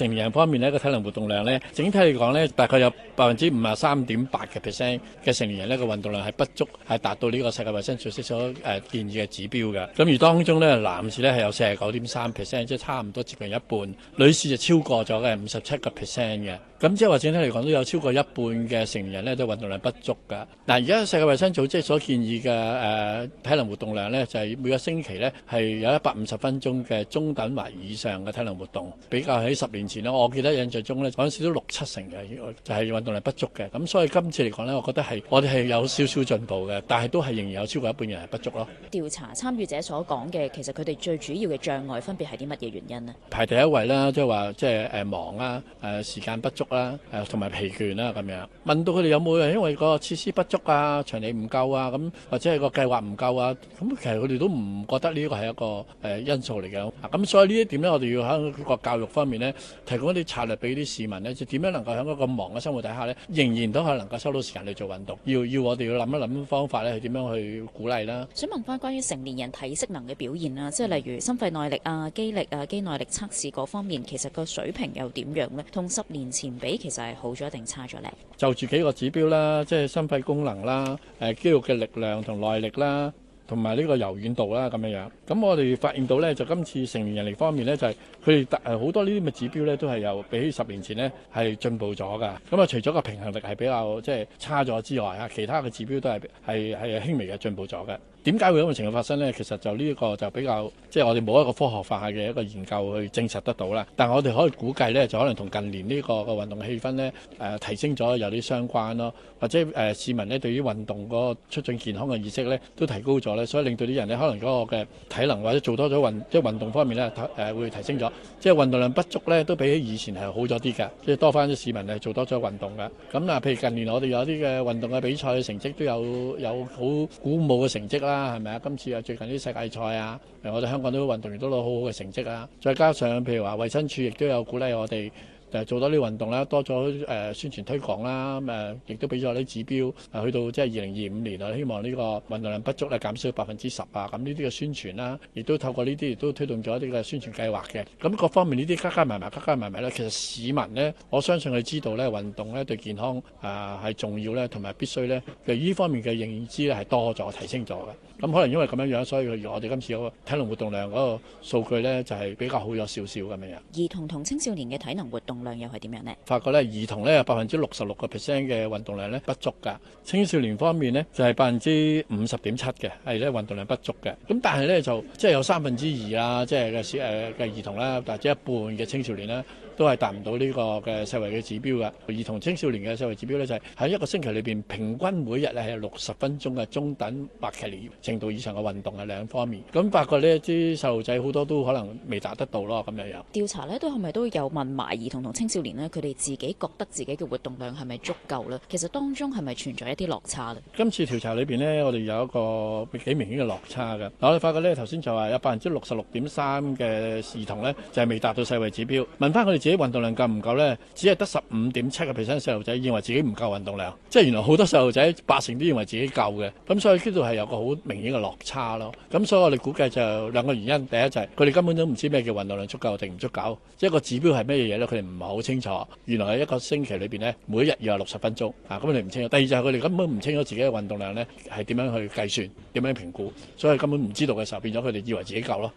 成年人方面呢個體能活動量呢，整體嚟講呢，大概有百分之五十三點八嘅 percent 嘅成年人呢個運動量係不足，係達到呢個世界衞生組織所建議嘅指標嘅。咁而當中呢，男士呢係有四十九點三 percent，即係差唔多接近一半；女士就超過咗嘅五十七個 percent 嘅。咁即係話，整體嚟講，都有超過一半嘅成人咧都運動量不足㗎。嗱，而家世界衞生組織所建議嘅誒體能活動量咧，就係每個星期咧係有一百五十分鐘嘅中等或以上嘅體能活動。比較喺十年前呢，我記得印象中咧嗰陣時都六七成嘅，就係運動量不足嘅。咁所以今次嚟講咧，我覺得係我哋係有少少進步嘅，但係都係仍然有超過一半人係不足咯。調查參與者所講嘅，其實佢哋最主要嘅障礙分別係啲乜嘢原因呢？排第一位啦，即係話即係忙啊，時間不足。啦，誒同埋疲倦啦咁樣，問到佢哋有冇因為個設施不足啊、場地唔夠啊咁，或者係個計劃唔夠啊？咁其實佢哋都唔覺得呢個係一個誒因素嚟嘅。咁所以呢一點呢，我哋要喺個教育方面呢，提供一啲策略俾啲市民呢，就點樣能夠喺一個忙嘅生活底下呢，仍然都係能夠收到時間嚟做運動。要要我哋要諗一諗方法咧，去點樣去鼓勵啦？想問翻關於成年人體適能嘅表現啊，即係例如心肺耐力啊、肌力啊、肌耐力測試嗰方面，其實個水平又點樣呢？同十年前。比其實係好咗定差咗咧？就住幾個指標啦，即係心肺功能啦，誒肌肉嘅力量同耐力啦。同埋呢個柔軟度啦，咁樣樣。咁我哋發現到呢，就今次成年人力方面呢，就係佢哋誒好多呢啲嘅指標呢，都係由比起十年前呢，係進步咗噶。咁啊，除咗個平衡力係比較即係、就是、差咗之外啊，其他嘅指標都係係係輕微嘅進步咗嘅。點解會咁嘅情況發生呢？其實就呢一個就比較即係、就是、我哋冇一個科學化嘅一個研究去證實得到啦。但係我哋可以估計呢，就可能同近年呢個嘅運動氣氛呢，誒、呃、提升咗有啲相關咯，或者誒、呃、市民呢，對於運動嗰個促進健康嘅意識呢，都提高咗。所以令到啲人咧，可能嗰個嘅體能或者做多咗運，即係運動方面咧，誒會提升咗。即係運動量不足咧，都比起以前係好咗啲嘅，即係多翻啲市民係做多咗運動嘅。咁啊，譬如近年我哋有啲嘅運動嘅比賽嘅成績都有有好鼓舞嘅成績啦，係咪啊？今次啊，最近啲世界賽啊，我哋香港都運動員都攞好好嘅成績啦。再加上譬如話衞生署亦都有鼓勵我哋。誒做多啲運動啦，多咗誒宣傳推廣啦，咁誒亦都俾咗啲指標，誒去到即係二零二五年啊，希望呢個運動量不足咧減少百分之十啊，咁呢啲嘅宣傳啦，亦都透過呢啲亦都推動咗一啲嘅宣傳計劃嘅，咁各方面呢啲加加埋埋，加加埋埋咧，其實市民咧，我相信佢知道咧運動咧對健康啊係重要咧，同埋必須咧，其實呢方面嘅認知咧係多咗提升咗嘅，咁可能因為咁樣樣，所以佢我哋今次嗰個體能活動量嗰個數據咧就係比較好咗少少咁樣。兒童同，同青少年嘅體能活動。量又係點樣咧？發覺咧，兒童咧有百分之六十六個 percent 嘅運動量咧不足㗎。青少年方面咧，就係百分之五十點七嘅係咧運動量不足嘅。咁但係咧就即係、就是、有三分之二啦，即係嘅小誒嘅兒童啦，或者一半嘅青少年咧，都係達唔到呢個嘅世衞嘅指標㗎。兒童青少年嘅世衞指標咧就係、是、喺一個星期裏邊平均每日係六十分鐘嘅中等或劇烈程度以上嘅運動嘅兩方面。咁發覺呢一啲細路仔好多都可能未達得到咯。咁又有調查咧，都係咪都有問埋兒童同，青少年呢，佢哋自己覺得自己嘅活動量係咪足夠呢？其實當中係咪存在一啲落差呢？今次調查裏邊呢，我哋有一個幾明顯嘅落差嘅。我哋發覺呢，頭先就話有百分之六十六點三嘅兒童呢，就係未達到世衞指標。問翻佢哋自己運動量夠唔夠呢？只係得十五點七個 percent 細路仔認為自己唔夠運動量，即係原來好多細路仔八成都認為自己夠嘅。咁所以呢度係有個好明顯嘅落差咯。咁所以我哋估計就兩個原因，第一就係佢哋根本都唔知咩叫運動量足夠定唔足夠，即係個指標係咩嘢咧，佢哋唔。唔係好清楚，原來喺一個星期裏面呢，每日要有六十分鐘啊。咁佢哋唔清楚。第二就係佢哋根本唔清楚自己嘅運動量呢係點樣去計算、點樣評估，所以根本唔知道嘅時候，變咗佢哋以為自己夠囉。